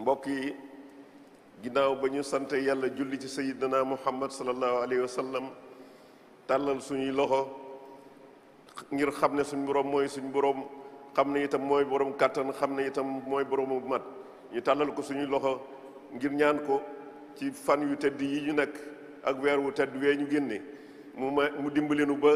mbokk yi ginnaaw ba ñu sant yàlla julli ci sayyidina muhammad sallallahu alayhi wa sallam tàllal suñuy loxo ngir xam ne suñ borom mooy suñ borom xam ne itam mooy borom kàttan xam ne itam mooy boromu mat ñu tàllal ko suñuy loxo ngir ñaan ko ci fan yu tedd yi ñu nekk ak weer wu tedd wee ñu génne mu ma mu dimbalinu ba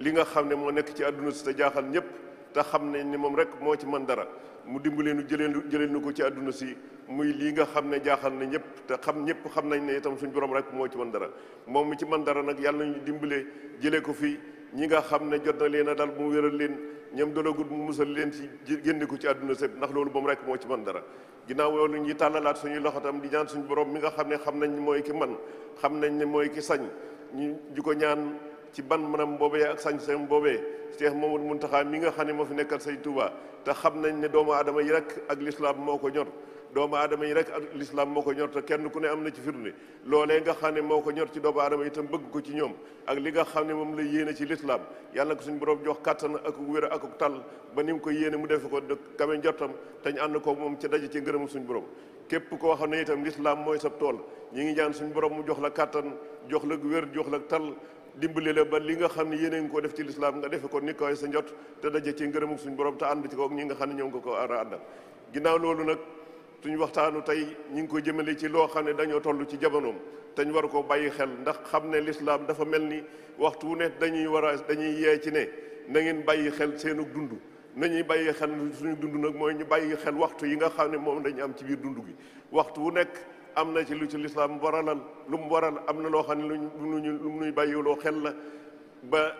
li nga xam ne moo nekk ci àdduna si te jaaxal ñëpp te xam ne ni moom rek moo ci mën dara mu dimbalee nu jëlee jëlee nu ko ci àdduna si muy lii nga xam ne jaaxal na ñëpp te xam ñëpp xam nañ ne itam suñ borom rek moo ci mën dara moom mi ci mën dara nag yàlla nañu dimbalee jëlee ko fii ñi nga xam ne jot na leen a dal mu wéral leen ñoom dolagul mu musal leen ci génne ko ci àdduna sépp ndax loolu moom rek moo ci mën dara ginnaaw loolu ñuy tàllalaat suñuy loxo tam di ñaan suñu borom mi nga xam ne xam nañ mooy ki man xam nañ ne mooy ki sañ ñu di ñaan ci ban manam boobee ak sañ-sañ boobee Cheikh Mamadou Mountakha mi nga xam ne moo fi nekkal Sëñ Tuuba te xam nañ ne doomu aadama yi rek ak lislaam moo ko ñor doomu aadama yi rek ak lislaam moo ko ñor te kenn ku ne am na ci firnde loole nga xam ne moo ko ñor ci doomu aadama itam bëgg ko ci ñoom ak li nga xam ne moom la yéene ci lislaam yàlla ko suñu borom jox kàttan ak wér ak ak tàll ba ni mu ko yéene mu defe ko kame njottam te ñu ànd ko moom ci daje ci suñu borom képp koo xam ne itam lislaam mooy sa tool ñi ngi ñaan suñu borom mu jox la kàttan jox la wér jox la tàll dimbali la ba li nga xam ne yéen koo def ci lislaam nga defe ko ni koy sa njot te daje ci ngërëmu suñu borom te ànd ci ko ak ñi nga xam ne ñoo ngi ko ko ginnaaw loolu nag suñu waxtaanu tey ñi ngi ko jëmale ci loo xam ne dañoo tollu ci jamonoom te ñu war ko bàyyi xel ndax xam ne lislaam dafa mel ni waxtu wu ne dañuy war a dañuy yee ci ne na ngeen bàyyi xel seenu dund nañuy bàyyi xel suñu dund nag mooy ñu bàyyi xel waxtu yi nga xam ne moom dañu am ci biir dund gi waxtu wu nekk am na ci lu ci lislaam waralal lu mu waral am na loo xam ne luñ mu lu nuy bàyyiloo xel la ba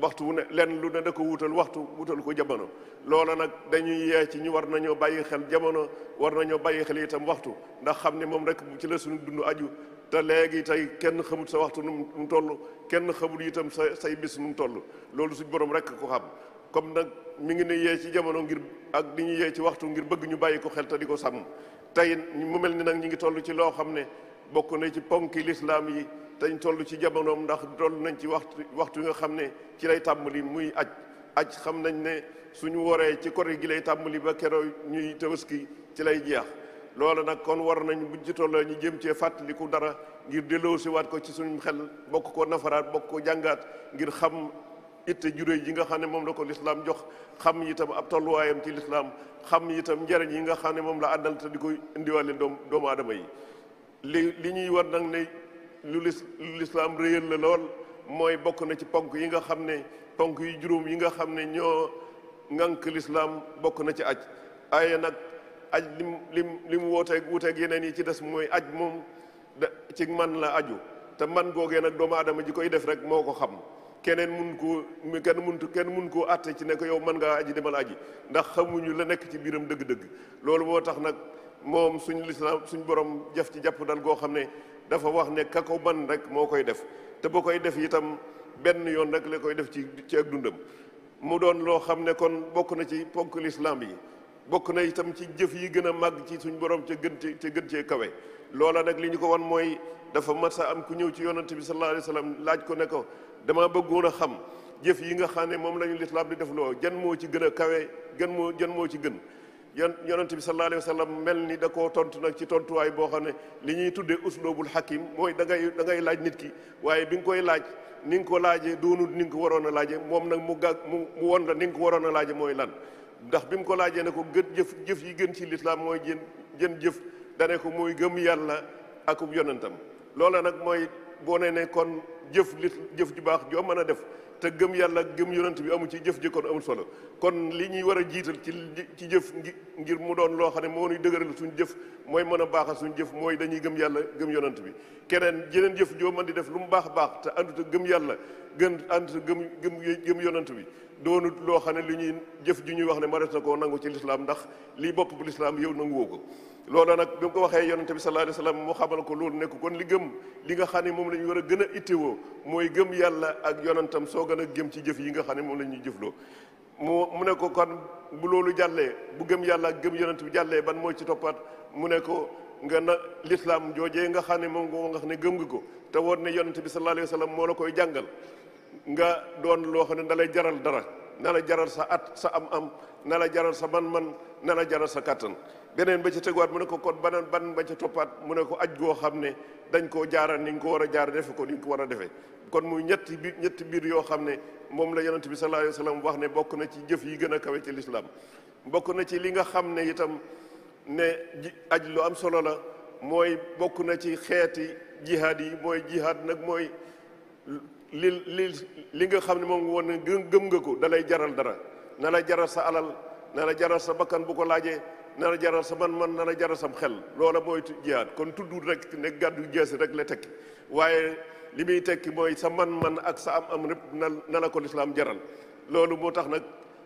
waxtu wu ne lenn lu ne da ko wutal waxtu wutal ko jamono loola nag dañuy yee ci ñu war nañoo bàyyi xel jamono war nañoo bàyyi xel itam waxtu ndax xam ne moom rek ci la suñu dund aju te léegi tey kenn xamul sa waxtu nu mu toll kenn xamul itam sa say bis nu mu toll loolu suñ borom rek ko xam comme nag mu ngi ne yee ci jamono ngir ak di ñu yee ci waxtu ngir bëgg ñu bàyyi ko xel te di ko sàmm tey mu mel ni nag ñu ngi tollu ci loo xam ne bokk na ci ponki lislaam yi dañ toll ci jamonoom ndax toll nañ ci waxtu waxtu nga xam ne ci lay tàmbali muy aj aj xam nañ ne suñu waree ci kori gi lay tàmbali ba keroo ñuy tabaski ci lay jeex loola nag kon war nañu buñ ci toll ñu jëm cee fàttaliku dara ngir delloo siwaat ko ci suñu xel bokk ko nafaraat bokk ko jàngaat ngir xam itte juróoy yi nga xam ne moom la ko lislaam jox xam yitam ab tolluwaayam ci lislaam xam itam njariñ yi nga xam ne moom la àndal te di ko indiwaale doom doomu aadama yi li li ñuy war nag ne lu lis lu lislaam réyal la lool mooy bokk na ci ponk yi nga xam ne ponk yu juróom yi nga xam ne ñoo ngànk lislaam bokk na ci aj aye nag aj lim lim li mu wooteeg wuuteeg yeneen yi ci des mooy aj moom da ci man la aju te man googee nag doomu aadama ji koy def rek moo ko xam keneen mun koo kenn mun kenn mun koo àtte ci ne yow man ngaa aji demal aji ndax xamuñu la nekk ci biiram dëgg-dëgg loolu moo tax nag moom suñu lislaam suñ borom jaf ci jàpp dal goo xam ne dafa wax ne ka ban rek moo koy def te ba koy def itam benn yoon rek la koy def ci ci dundam mu doon loo xam ne kon bokk na ci ponk lislaam yi bokk na itam ci jëf yi gën a màgg ci suñ borom ca gën ca gën cee kawe loola nag li ñu ko wan mooy dafa mas a am ku ñëw ci yonante bi sallallahu alayhi laaj ko ne dama bëggoon a xam jëf yi nga xam ne moom la ñu lislaam di def loo jan moo ci gën a kawe gën moo jan moo ci gën yon yonent bi sallallahu alayhi wa sallam mel ni da koo tontu nag ci tontuwaay boo xam ne li ñuy tuddee usloobul hakim mooy dangay da ngay laaj nit ki waaye bi nga koy laaj ni nga ko laajee doonul ni nga ko waroon a laajee moom nag mu gàgg mu mu won la ni nga ko waroon a laajee mooy lan ndax bi mu ko laajee ne ko gën jëf jëf yi gën ci lislaam mooy jën jën jëf dane ko mooy gëm yàlla akub yonentam loola nag mooy boo nee ne kon jëf li jëf ju baax joo mën a def te gëm yàlla gëm yonent bi amu ci jëf ji kon amul solo kon li ñuy war a jiital ci ci jëf ngir mu doon loo xam ne moo ñuy dëgëral suñu jëf mooy mën a baaxal suñu jëf mooy dañuy gëm yàlla gëm yonent bi keneen jeneen jëf joo di def lu mu baax baax te àndut gëm yàlla gën àndut gëm gëm gëm yonent bi doonut loo xam ne li ñuy jëf ju ñuy wax ne ma des na koo nangu ci lislaam ndax lii bopp bu lislaam yow nanguwoo ko loolu nag bi mu ko waxee yonente bi sallallahu alayhi wa sallam mu xamal ko loolu nekk kon li gëm li nga xam ne moom la ñu war a gën a mooy gëm yàlla ak yonentam soo gën a gëm ci jëf yi nga xam ne moom la ñuy jëfloo mu mu ne ko kon bu loolu jàllee bu gëm yàlla ak gëm yonent bi jàllee ban mooy ci toppaat mu ne ko nga na lislaam joojee nga xam ne moom moo nga xam ne gëm nga ko te woon ne yonente bi sallallahu alayhi wa moo la koy jàngal nga doon loo xam ne da lay jaral dara na la jaral sa at sa am am na la jaral sa man-man na la jaral sa kàttan beneen ba ca teguwaat mu ne ko kon banan ban ba ca toppaat mu ne ko aj goo xam ne dañ koo jaaral ni nga ko war a jaar defe ko ni nga ko war a defee kon muy ñetti bi ñetti mbir yoo xam ne moom la yonent bi sallallahu alayhi wa sallam ne bokk na ci jëf yi gën a kawe ci bokk na ci li nga xam ne itam ne aj lu am solo la mooy bokk na ci xeeti jihaad yi mooy jihaad nag mooy li li li nga xam ne moom woon gëm nga ko dalay jaral dara na la jaral sa alal na la jaral sa bakkan bu ko laajee nana jaral sa man man nana jaral sam xel loola mooy jihaad kon tuddul rek ne gàddu jees rek la tekki waaye li muy tekki mooy sa man man ak sa am am rëpp na na la ko lislaam jaral loolu moo tax nag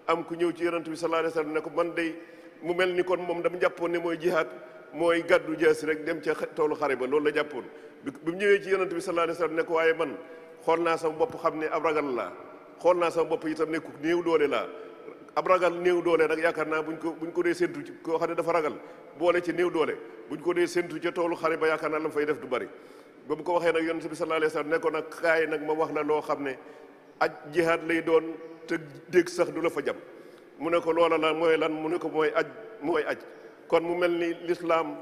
am ku ñëw ci yonent bi sallallahu alayhi wasallam ne ko man day mu mel ni kon moom dama jàppoon ne mooy jihaad mooy gàddu jees rek dem ca toolu xare ba loolu la jàppoon bi ñëwee ci yonent bi sallallahu alayhi wasallam ne ko waaye man xool naa sama bopp xam ne am ragal laa xool naa sama bopp itam ne ku néew doole laa ab ragal néew doole nag yaakaar naa buñ ko buñ ko dee séntu ci koo xam ne dafa ragal boole ci néew doole buñ ko dee séntu ca toolu xare ba yaakaar naa la mu fay def du bari ba mu ko waxee nag yonent bi sallallahu alayhi wasallam ne ko nag kaay nag ma wax la loo xam ne aj jihaad lay doon te dégg sax du la fa jam mu ne ko loola la mooy lan mu ne ko mooy aj mooy aj kon mu mel ni lislaam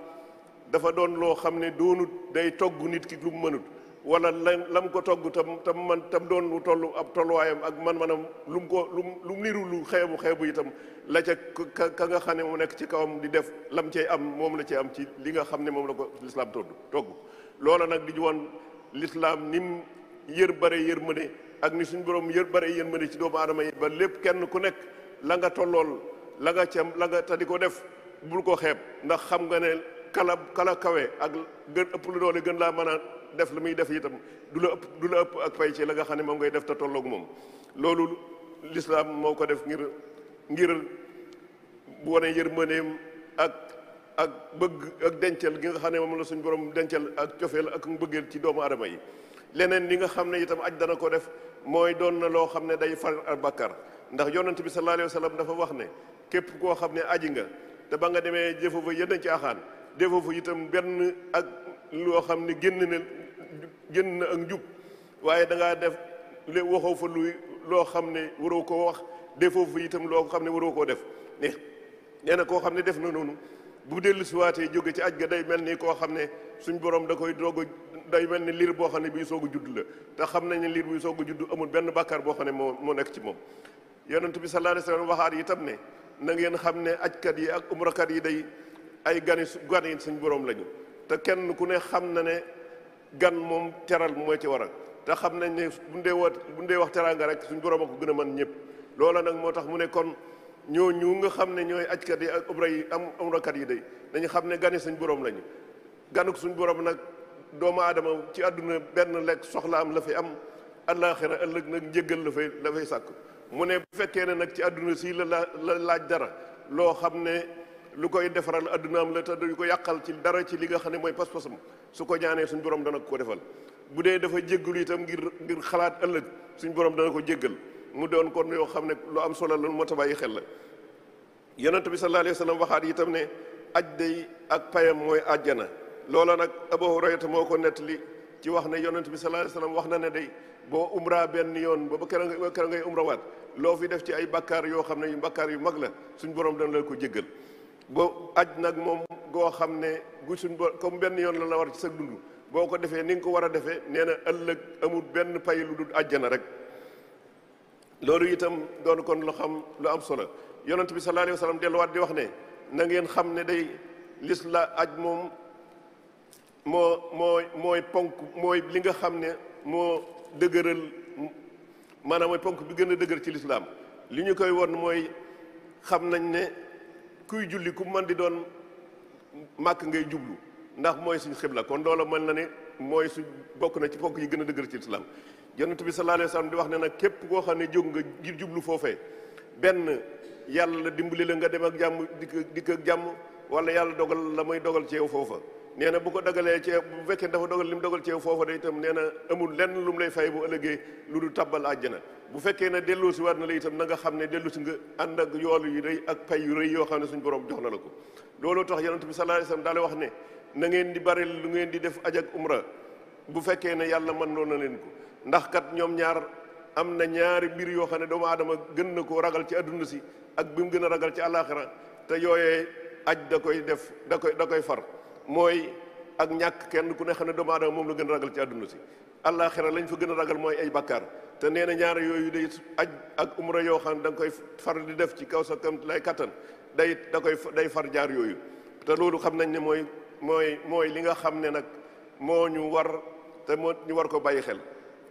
dafa doon loo xam ne doonut day togg nit ki lu mu mënut wala lam ko togg tam tam man tam doon lu toll ab tolluwaayam ak man manam lu mu ko lu mu lu xeebu xeebu itam la ca ka nga xam ne nekk ci kawam di def lam cay am moom la cay am ci li nga xam ne moom la ko lislaam togg togg loola nag di ñu woon lislaam ni mu yër bare yër mëne ak ni suñ borom yër bare yër mëne ci doomu aadama yi ba lépp kenn ku nekk la nga tollool la nga cam la nga te di ko def bul ko xeeb ndax xam nga ne kala kala kawe ak gën ëpp lu doole gën laa mën a def lu muy def itam du la ëpp du la ëpp ak pay ci la nga xam ne moom ngay def te tolloog moom loolu lislaam moo ko def ngir ngir bu wane yërmandeem ak ak bëgg ak dencal gi nga xam ne moom la suñu borom denceel ak cofeel ak mbëggeel ci doomu aadama yi leneen li nga xam ne itam aj dana ko def mooy doon na loo xam ne day far al bakkar ndax yonent bi sa alayhi wa dafa wax ne képp koo xam ne aji nga te ba nga demee jëfoo fa yenn ci axaan defoo benn ak loo xam ne génn na génn na ak njub waaye dangaa def lé waxoo fa luy loo xam ne waroo koo wax defoo fa itam loo xam ne waroo koo def ne nee koo xam ne def na noonu bu dellu siwaatee jóge ci aj ga day mel nii koo xam ne suñ borom da koy doog a day mel ni liir boo xam ne bii soog a judd la te xam nañ ne liir buy soog a judd amul benn bàkkaar boo xam ne moo moo nekk ci moom yonent bi sallallahu alayhi wasallam waxaat itam ne na ngeen xam ne kat yi ak umrakat yi day ay gani gani suñ borom lañu te kenn ku ne xam na ne gan moom teral mooy ci waral te xam nañ ne bu ndee woo bu ndee wax teraanga rek suñ borom a ko gën a mën ñëpp loola nag moo tax mu ne kon ñooñu nga xam ne ñooy ajkat yi ak umra yi am umrakat yi day dañu xam ne gani suñ borom lañu ganuk suñ borom nag doomu aadama ci àdduna benn lekk soxla am la fi am àllaaxira ëllëg nag njëggal la fay la fay sàkk mu ne fekkee ne nag ci àdduna si la la laaj dara loo xam ne lu koy defaral addunaam la te duñ ko yàqal ci dara ci li nga xam ne mooy pas-pasam su ko ñaanee suñ borom dana ko defal bu dee dafa jéggalu itam ngir ngir xalaat ëllëg suñ borom dana ko jéggal mu doon kon yoo xam ne lu am solo la moo ta bàyyi xel la yonent bi sallallahu alayhi wa sallam waxaat itam ne aj day ak payam mooy àjjana loola nag Abu Hurayra moo ko nettali ci wax ne yonent bi sallallahu alayhi wa wax na ne day boo umra benn yoon ba ba keroog ngay umra loo fi def ci ay bakkaar yoo xam ne yu bakkaar yu mag la suñ borom dana la ko jéggal boo aj nag moom goo xam ne gu suñ bo comme benn yoon la la war ci sa dund boo ko defee ni nga ko war a defee nee na ëllëg amul benn pay lu dul àjjana rek loolu itam doon kon lu xam lu am solo yonent bi sallallahu alayhi di wax ne na ngeen xam ne day lisla aj moom moo moo mooy ponk mooy li nga xam ne moo dëgëral maanaam mooy ponk bi gën a dëgër ci lislaam li ñu koy won mooy xam nañ ne kuy julli ku man di doon màkk ngay jublu ndax mooy suñu xibla kon loola mën na ne mooy su bokk na ci fokk yi gën a dëgër ci islam yonent bi sallallahu alayhi wa sallam di wax ne nag képp koo xam ne jóg nga jublu foofe benn yàlla la dimbali la nga dem ak jàmm dikk dikk ak jàmm wala yàlla dogal la may dogal ci foofa nee na bu ko dogalee ci bu fekkee dafa dogal li dogal ci yow foofa de itam nee na amul lenn lu mu lay fay bu ëllëgee lu du tabbal àjjana bu fekkee ne dellu si waat na la itam na nga xam ne dellu si nga ànd ak yool yu ak pay yu yoo xam ne suñu borom jox ko looloo tax yonent bi sallallahu alayhi wasallam daal wax ne na ngeen di bari lu ngeen di def aj ak umra bu fekkee ne yàlla mën noon na leen ko ndax kat ñoom ñaar am na ñaari mbir yoo xam ne doomu aadama gën na koo ragal ci adduna si ak bi mu gën a ragal ci àllaaxira te yooyee aj da koy def da koy da koy far mooy ak ñàkk kenn ku ne xam ne doomu aadama moom la gën a ragal ci àdduna si àllaaxira lañ fa gën a ragal mooy ay bakkaar te nee na ñaar yooyu day aj ak umra yoo xam ne da koy far di def ci kaw sa kam lay kattan day da koy day far jaar yooyu te loolu xam nañ ne mooy mooy mooy li nga xam ne nag moo ñu war te moo ñu war ko bàyyi xel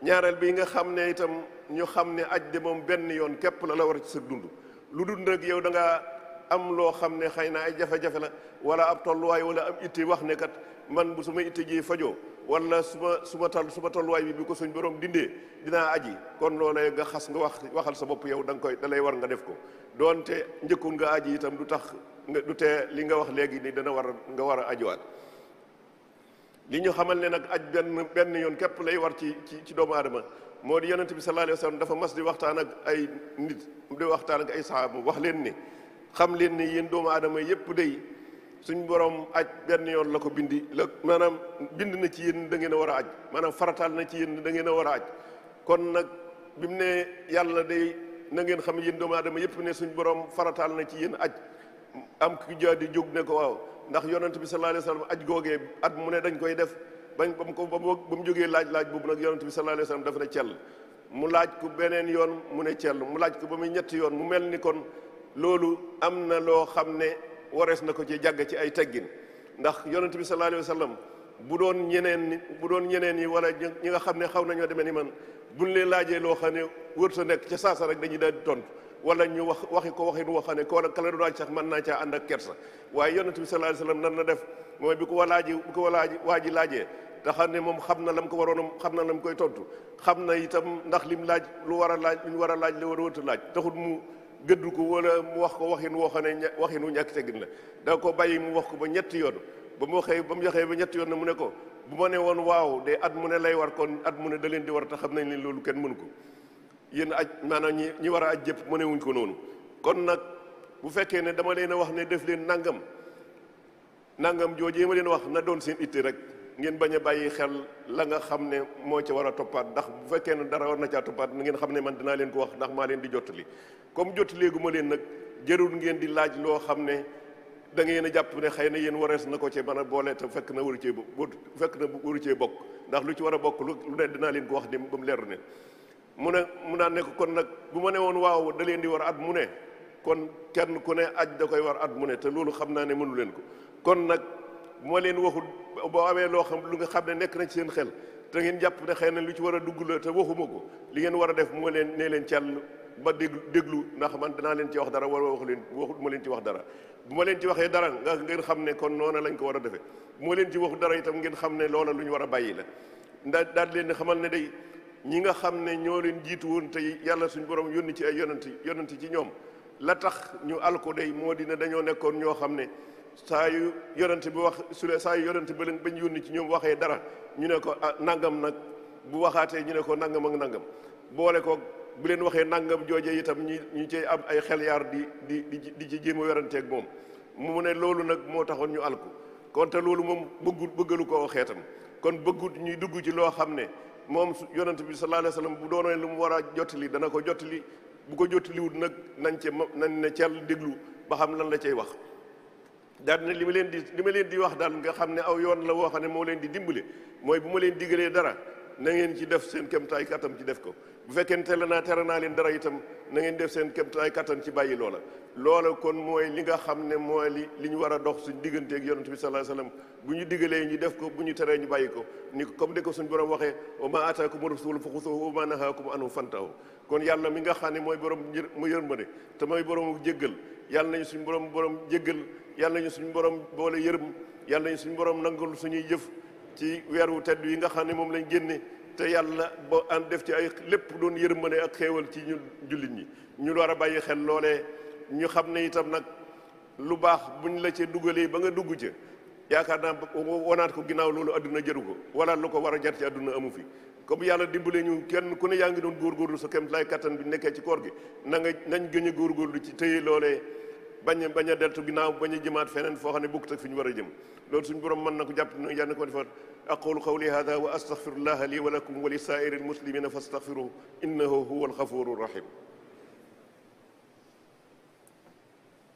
ñaareel bi nga xam ne itam ñu xam ne aj de moom benn yoon képp la la war ci sa dund lu dund rek yow da am loo xam ne xëy na ay jafe-jafe la wala ab tolluwaay wala am itti wax ne man bu suma itti ji fajoo wala su ma su ma tal su ma tolluwaay bi bi ko suñ borom dindee dinaa aji kon loolee nga xas nga wax waxal sa bopp yow danga koy da lay war nga def ko doonte njëkkul nga aji itam du tax nga du tee li nga wax léegi ni dana war nga war a ajiwaat li ñu xamal ne nag aj benn benn yoon képp lay war ci ci ci doomu aadama moo di yonente bi sallallahu alayhi wasallam dafa mas di waxtaan ay nit di waxtaan ak ay sahaaba wax leen ni xam leen ne yéen doomu aadama yépp day suñ borom aj benn yoon la ko bindi la maanaam bind na ci yéen da ngeen war a aj maanaam faratal na ci yéen da ngeen a war a aj kon nag bi mu ne yàlla day na ngeen xam yéen doomu aadama yépp ne suñ borom faratal na ci yéen aj am ku jaa di jóg ne ko waaw ndax yonent bi sallallahu alayhi wa sallam aj googee at mu ne dañ koy def bañ ba mu ko ba mu jógee laaj laaj boobu nag yonent bi sallallahu alayhi wa sallam dafa ne cell mu laaj ko beneen yoon mu ne cell mu laaj ko ba muy ñetti yoon mu mel ni kon loolu am na loo xam ne warees na ko ci jàgg ci ay teggin ndax yonent bi sallallahu alayhi wa sallam bu doon ñeneen bu doon ñeneen yi wala ñi nga xam ne xaw na ñoo demee ni man buñ leen laajee loo xam ne wërta nekk ca saasa rek dañuy daal di tontu wala ñu wax waxi ko waxi nu xam ne koo kala doon sax mën naa caa ànd ak kersa waaye yonent bi sallallahu alayhi wa nan la def mooy bi ko walaaji bi ko walaaji waa ji laajee te xam ne moom xam na lam ko waroon xam na lam koy tontu xam na itam ndax lim laaj lu war a laaj lu ñu war a laaj li war a wërta laaj taxul gëddu ko wala mu wax ko waxin woo xam ne waxinu ñàkk teggin la da ko bàyyi mu wax ko ba ñetti yoon ba mu waxee ba mu joxee ba ñetti yoon na mu ne ko bu ma ne woon waaw de at mu ne lay war kon at mu ne da leen di war te xam nañ leen loolu kenn mënu ko yéen aj a ñi ñi war a aj jëpp mu ne wuñ ko noonu kon nag bu fekkee ne dama leen a wax ne def leen nangam nangam joojee ma leen wax na doon seen itte rek ngeen bañ a bàyyi xel la nga xam ne moo ci war a toppaat ndax bu fekkee ne dara war na caa toppaat na ngeen xam ne man dinaa leen ko wax ndax maa leen di jottali comme jottaleegu ma leen nag jërul ngeen di laaj loo xam ne da ngeen a jàpp ne xëy na yéen warees na ko ci mën a boole te fekk na waru cee fekk na waru cee bokk ndax lu ci war a bokk lu ne dinaa leen ko wax ni ba mu leer ne mu ne mu naan ne ko kon nag bu ma ne woon waaw da leen di war at mu ne kon kenn ku ne aj da koy war at mu ne te loolu xam naa ne mënu leen ko kon nag moo leen waxul boo amee loo xam lu nga xam ne nekk nañ ci seen xel te ngeen jàpp ne xëy na lu ci war a dugg la te waxuma ko li ngeen war a def moo leen nee leen càll ba déglu déglu ndax danaa leen ci wax dara wala wax leen waxut ma leen ci wax dara bu ma leen ci waxee dara nga ngeen xam ne kon noona lañ ko war a defee moo leen ci waxu dara itam ngeen xam ne loola lu ñu war a bàyyi la ndax daal leen xamal ne day ñi nga xam ne ñoo leen jiitu woon te yàlla suñu borom yónni ci ay yonanti yonanti ci ñoom la tax ñu alko day moo dina dañoo nekkoon ñoo xam ne saa yu yonent bi wax su sule saa yu yonent bi leen bañ yónni ci ñoom waxee dara ñu ne ko ah, nangam nag bu waxaatee ñu ne ko nangam ak nangam boole ko bu leen waxee nangam jooje itam ñu ñu cey am ay xel yaar di di di di ci jéem a weranteeg moom mu ne loolu nag moo taxoon ñu alku kon te loolu moom bëggul bëggalu koo xeetam kon bëggut ñuy dugg ci loo xam ne moom yonent bi sallallahu alayhi wasallam bu doonee lu mu war a jottali dana ko jottali bu ko jottaliwut nag nañ ce nañ ne ceel déglu ba xam lan la cay wax daal ne li ma leen di li ma leen di wax daal nga xam ne aw yoon la woo xam ne moo leen di dimbale mooy bu ma leen digalee dara na ngeen ci def seen kéemtaay kattan ci def ko bu fekkee teel naa tere naa leen dara itam na ngeen def seen kéemtaay kattan ci bàyyi loola. loola kon mooy li nga xam ne mooy li li ñu war a dox suñu digganteeg yonent bi sallallahu alayhi wasallam bu ñu digalee ñu def ko bu ñu teree ñu bàyyi ko ni comme ni ko suñu borom waxee wa ma ataakum rasul fa xusuhu wa ma nahaakum anhu fantahu kon yàlla mi nga xam ne mooy borom mu yërmande te mooy borom jéggal yàlla nañu suñu boroom borom jéggal yàlla ñu suñu borom boole yërëm yàlla ñu suñu boroom nangul suñuy jëf ci weeru tedd yi nga xam ne moom lañ génne te yàlla boo am def ci ay lépp doon yërmande ak xéewal ci ñu jullit ñi ñu war a bàyyi xel loole ñu xam ne itam nag lu baax buñ la ca dugalee ba nga dugg ca yaakaar naa wonaat ko ginnaaw loolu adduna jëru ko wala lu ko war a jar ci adduna amu fi comme yàlla dimbale ñu kenn ku ne yaa ngi doon góorgóorlu sa kem lay kattan bi nekkee ci koor gi na nga nañ gën a góorgóorlu ci téye bañ a bañ a deltu ginnaaw bañ a jëmaat feneen foo xam ne bokkut ak fi ñu war a jëm loolu suñu borom mën na hada wa li wa lakum li saa'iril muslimina fastaghfiruhu innahu huwal ghafurur rahim